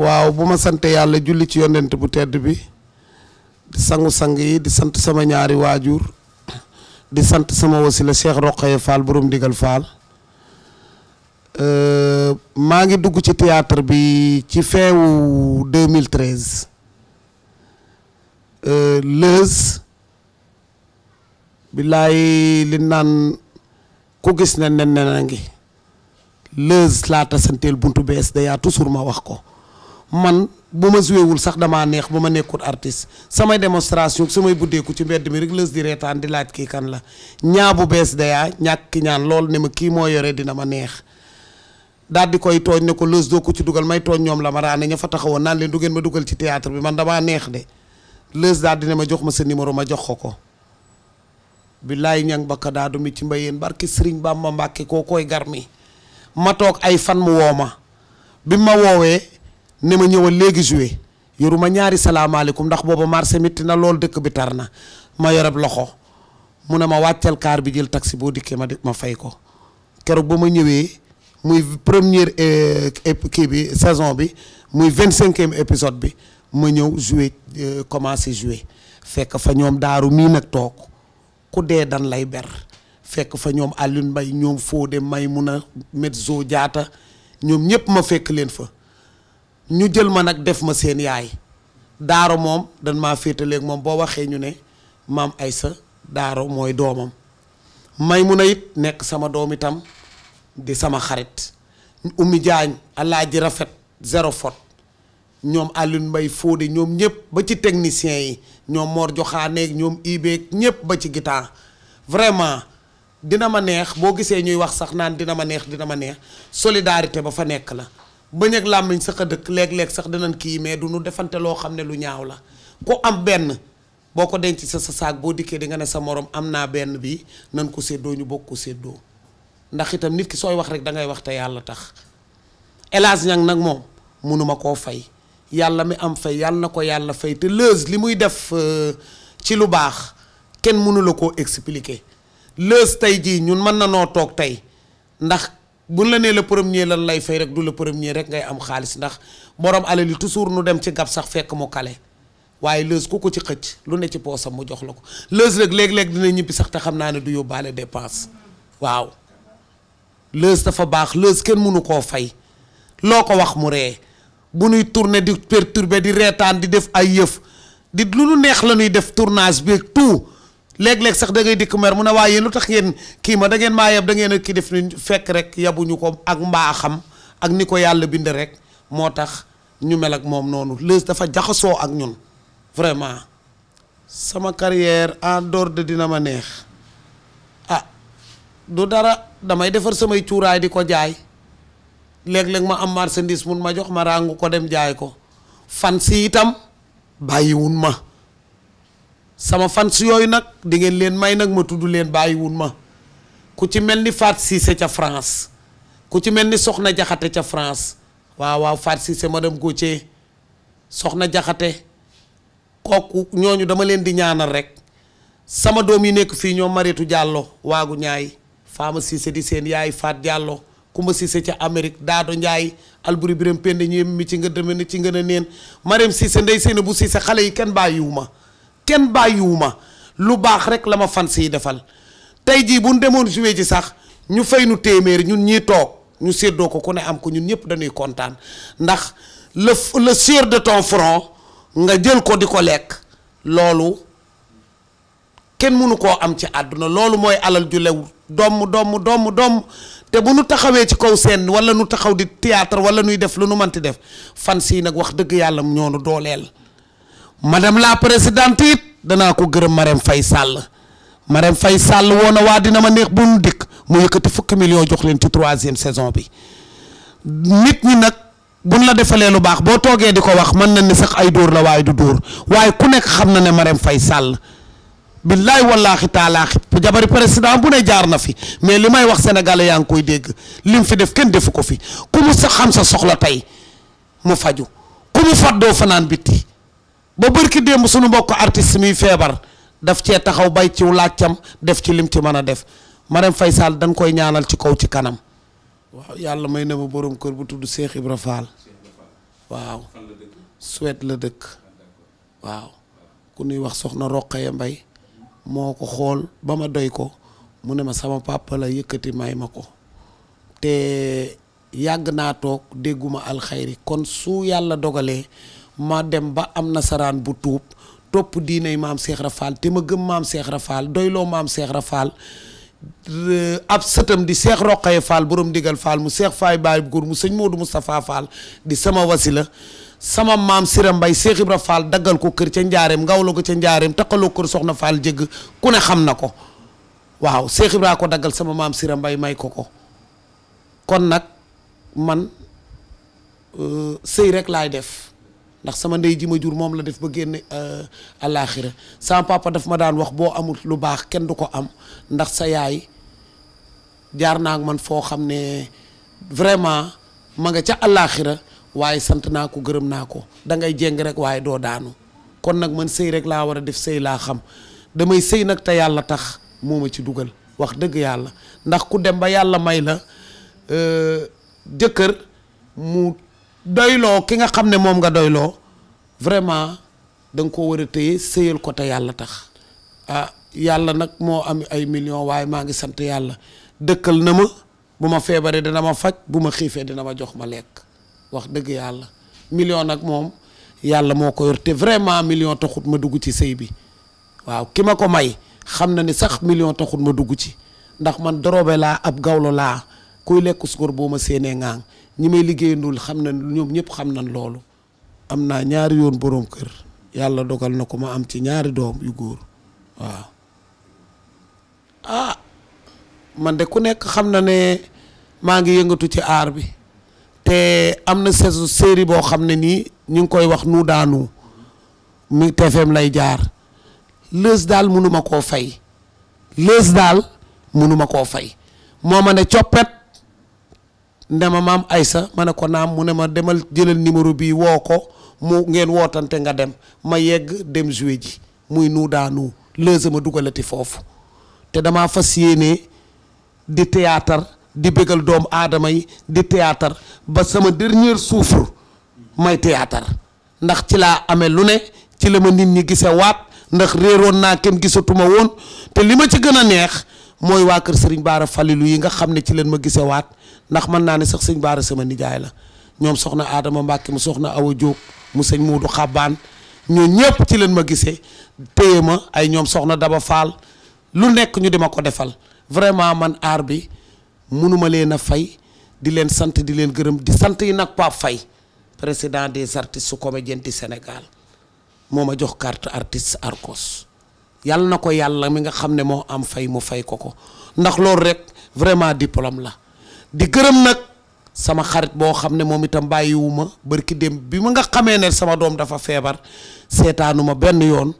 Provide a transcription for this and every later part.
waaw bu ma sante yàlla julli ci yonent bu tedd bi sangu-sang yi di sant sama ñaari waajur di sant sama wasila Cheikh Roqaye Fall borom digal Fall euh, maa ngi dugg ci théâtre bi ci feewu 2013 euh, lëz billaay li naan ku gis ne nen nena ngi lëz laata santeel buntu bees dayaa toujours ma wax ko man bu ma joué wul sax damaa neex bu ma nekkul artiste samay démonstration samay buddeeku ci mbedd mi rek lës di reetaan di laaj kii kan la ñaa bu bees dayaa ñàkk ki ñaan lool ne ma kii moo yore dina ma neex daal di koy tooñ ne ko lës doo ko ci dugal may tooñ ñoom la ma raane ña fa taxawoon naan leen du ngeen ma dugal ci théâtre bi man damaa neex de lës daal di ne ma jox ma sa numéro ma jox ko ko billaay ñang bakka daadu mi ci mbayeen barki Sëriñ Bamba Mbàkke koo koy gar mi ma toog ay fan mu woo ma ma woowee ne ma ñëwal léegi joué ma ñaari salaamaaleykum ndax booba marché mitti na lool dëkk bi tar na ma yoreb loxo mu ne ma wàccal kaar bi jël taxi boo dikkee ma di ma fay ko keroog ba ma ñëwee muy première euh, kii bi saison bi muy vingt cinquième épisode bi ma ñëw joué euh, commencé joué fekk fa ñoom daaru mii nag toog ku dee dan lay ber fekk fa ñoom Alioune Mbaye ñoom Fodé Maïmouna Medzo jaata ñoom ñëpp ma fekk leen fa ñu jël ma nag def ma seen yaay daaro moom dañ maa féetaleeg moom boo waxee ñu ne maam ay sa daaro mooy doomam may Maymuna it nekk sama doom itam di sama xarit Oumy Diagne ji rafet zéro faute ñoom Alioune Mbaye Fodé ñoom ñëpp ba ci technicien yi ñoom Mor Joxaaneeg ñoom Ibeeg ñëpp ba ci gitaar vraiment dina ma neex boo gisee ñuy wax sax naan dina ma neex dina ma neex solidarité ba fa nekk la bëñ ak làmmiñ sax a dëkk léeg-léeg sax danañ kii mais du nu defante loo xam ne lu ñaaw la ku am benn boo ko denc sa sa saak boo dikkee di nga ne sa morom am naa benn bi nan ko séddoo ñu bokk ko séddoo ndax itam nit ki sooy wax rek da ngay wax te yàlla tax El Hadj nag moom munuma koo fay yàlla mi am fay yàlla na ko yàlla fay te Leuz li muy def euh, ci lu baax kenn mënu la koo expliquer Leuz tey jii ñun mën na noo toog tey ndax buñ la nee le premier lan lay fay rek du la premier rek ngay am xaalis ndax borom alal yi toujours nu dem ci gab sax fekk mu kale waaye lëz ku ko ci xëcc lu ne ci poosam mu jox la ko lëz rek léeg-léeg dina ñibbi sax te xam naa ne du yóbbaale dépense waaw lëz dafa baax lëz kenn mënu koo fay loo ko wax mu ree bu nuy tourner di perturber di reetaan di def ay yëf di lu nu neex la nuy def tournage beeg tou léeg-léeg sax da ngay dikk mer mu ne waaye yéen lu tax yéen kii ma dangeen ngeen maa yab da a kii ni fekk rek yabuñu ko ak mbaaxam ak ni ko yàlla bind rek moo tax ñu mel ak moom noonu Leuz dafa jaxasoo ak ñun vraiment sama carrière en dehors dina ma neex ah du dara damay defar samay cuuraay di ko jaay léeg-léeg ma am marchandise mun ma jox ma ràngu ko dem jaay ko fan si itam bàyyiwun ma sama fans yooyu nag di ngeen leen may nag ma tudd leen bàyyiwun ma ku ci mel ni Faat Cissé ca France ku ci mel ni Soxna Jaxate ca France waaw waaw Faat Cissé madame Gauthier Soxna Jaxate kooku ñooñu dama leen di ñaanal rek sama doom yi nekk fii ñoo Maritu jàlloo waagu ñaay Fama Cissé di seen yaay Faat Diallo Kumba Cissé ca amerique Daado Ndiaye Alburi Biram Pende ñi mi ci nga deme ni ci nga a neen Mariam Cissé ndey seen bu Cissé xale yi kenn bàyyiwu ma kenn ma lu baax rek la ma fan sii defal tey jii bu ñu demoon joué ji sax ñu fay nu téeméeri ñun ñii toog ñu séddoo ko ku ne am ko ñun ñëpp dañuy kontaan ndax le le sueur de ton front nga jël ko di ko lekk loolu kenn mënu koo am ci àdduna loolu mooy alal ju lew domm domm domm doom te bu nu taxawee ci kaw seen wala nu taxaw di théâtre wala nuy def lu nu manti def fan sii nag wax dëgg yàlla ñoo nu dooleel madame la présidente it danaa ko gërëm Marème fay sàll Marème fay sàll woo na waa dina ma neex bu nu dikk mu yëkkati fukki million jox leen ci troisième saison bi nit ñi nag buñ la defalee lu baax boo toogee di ko wax mën nañ ni sax ay dóor la waaye du dóor waaye ku nekk xam na ne Marème Faye Sall billaay wallaahi taalaahi jabari président bu ne jaar na fi mais li may wax sénégalais yaa ngi koy dégg lim fi def kenn defu ko fi ku mu sa xam sa soxla tey mu faju ku mu ba bërki démb suñu mbokk artiste miy feebar daf cee taxaw bay ciw laajcam def ci lim ci mën a def Marème fay Sall dañ koy ñaanal ci kaw ci kanam waaw yàlla may na ma borom kër bu tudd Cheikh Ibra Fall waaw suwet la dëkk waaw ku nuy wax soxna Roqaya Mbay moo ko xool ba ma doy ko mu ne ma sama papa la yëkkati may ma ko te yàgg naa toog dégguma alxayri kon su yàlla dogalee ma dem ba am nasaraan bu tuub topp diiney maam Cheikh Rafaal te ma gëm maam seex Cheikh Rafaal doyloo maam seex ra Rafaal ab sëtam di Cheikh Roqaye Fall borom digal Fall mu Cheikh Faye Baye Gour mu sëñ moo Modou Moustapha Fall di sama wasila sama maam Sira Mbaye Cheikh Ibra Fall daggal ko kër ca njaareem ngaw la ko ca njaareem takkaloo kër soxna Fall jëgg ku ne xam na ko waaw Cheikh Ibra ko daggal sama maam Sira Mbaye may ko ko kon nag man euh, sëy rek laay def ndax sama ndey ji ma jur moom la def ba génne euh, àllaaxira sama papa daf ma daan wax boo amul lu baax kenn du ko am ndax sa yaay jaar naa ak man foo xam ne vraiment ma nga ca àllaaxira waaye sant naa ko gërëm naa ko dangay ngay jéng rek waaye doo daanu kon nag man sëy rek laa war a def sëy laa xam damay sëy nag te yàlla tax moo ma ci dugal wax dëgg yàlla ndax ku dem ba yàlla may la euh, jëkkër mu. doyloo ki nga xam ne moom nga doyloo vraiment da nga ko war a téye sëyal ko te yàlla tax ah yàlla nag moo am ay millions waaye maa ngi sant yàlla dëkkal na ma bu ma feebaree dina ma faj bu ma xiifee dina ma jox ma lekk wax dëgg yàlla million nag moom yàlla moo ko yor te vraiment million taxut ma dugg ci sëy bi waaw ki ma ko may xam na ni sax million taxut ma dugg ci ndax man dorobe laa ab gawlo laa kuy lekk sukkur boo ma séenee ŋaang ñi may liggéeyandul xam na ñoom ñëpp xam nañ loolu am naa ñaari yoon boroom kër yàlla dogal na ko ma am ci ñaari doom yu góor waaw ah man de ku nekk xam na ne maa ngi yëngatu ci aar bi te am na saison série boo xam ne nii ñu ngi koy wax nu daanu mi TFM lay jaar lës daal mënuma koo fay lës daal mënuma koo fay moo ma ne coppet ne ma maam Aysa ma ne ko naam mu ne ma demal jëlal numéro bi woo ko mu ngeen wootante nga dem ma yegg dem joué ji muy nuu daanu lëse ma foofu te damaa fas yéene di théâtre di bégal doomu aadama yi di ba sama dernier souffle may théâtre ndax ci laa amee lu ne ci la ma nit ñi gise waat ndax réeroon naa kenn gisatuma woon te li ma ci gën a neex mooy waa kër Serigne Bara Falilou yi nga xam ne ci leen ma gise waat ndax mën naa ne sax sëñ Baara sama nijaay la ñoom soxna aadama Mbàkke mu soxna Awa Diop mu sëñ Moodu Xabbaan ñoo ñëpp ci leen ma gisee téye ma ay ñoom soxna Daba Faal lu nekk ñu di ma ko defal vraiment man aar bi mënuma leen a fay di leen sant di leen gërëm di sant yi nag Pape Faye président des artistes su comédien du Sénégal moo ma jox carte artiste Arcos yàlla na ko yàlla mi nga xam ne moo am fay mu fay ko ko ndax loolu rek vraiment diplôme la di gërëm nag sama xarit boo xam ne moom itam bàyyiwuma bërki dem bi ma nga xamee ne sama doom dafa feebar seetaanuma benn yoon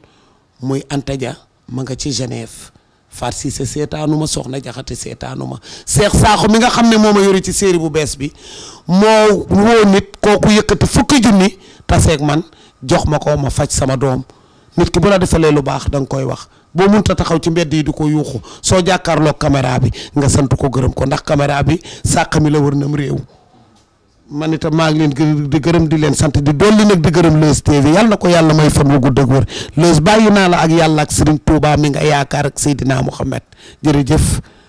muy antaja ma nga ci Genève Far Cissé seetaanuma soxna jaxate seetaanuma Seex Saaxo mi nga xam ne moo ma yore ci série bu bees bi moo woo nit kooku yëkkati fukki junni taseeg man jox ma ko ma faj sama doom nit ki bu la defalee lu baax da nga koy wax boo munta taxaw ci mbedd yi di ko yuuxu soo jàkkaarloo caméra bi nga sant ko gërëm ko ndax caméra bi sàq mi la wër na nam réew man itam maa ngi leen di gërëm di leen sant di dolli nag di gërëm Leuz TV yal na ko yàlla may fan wu gudd ak wër Leuz bàyyi naa la ak yàlla ak Serigne Touba mi nga yaakaar ak Seydina Mouhamed jërëjëf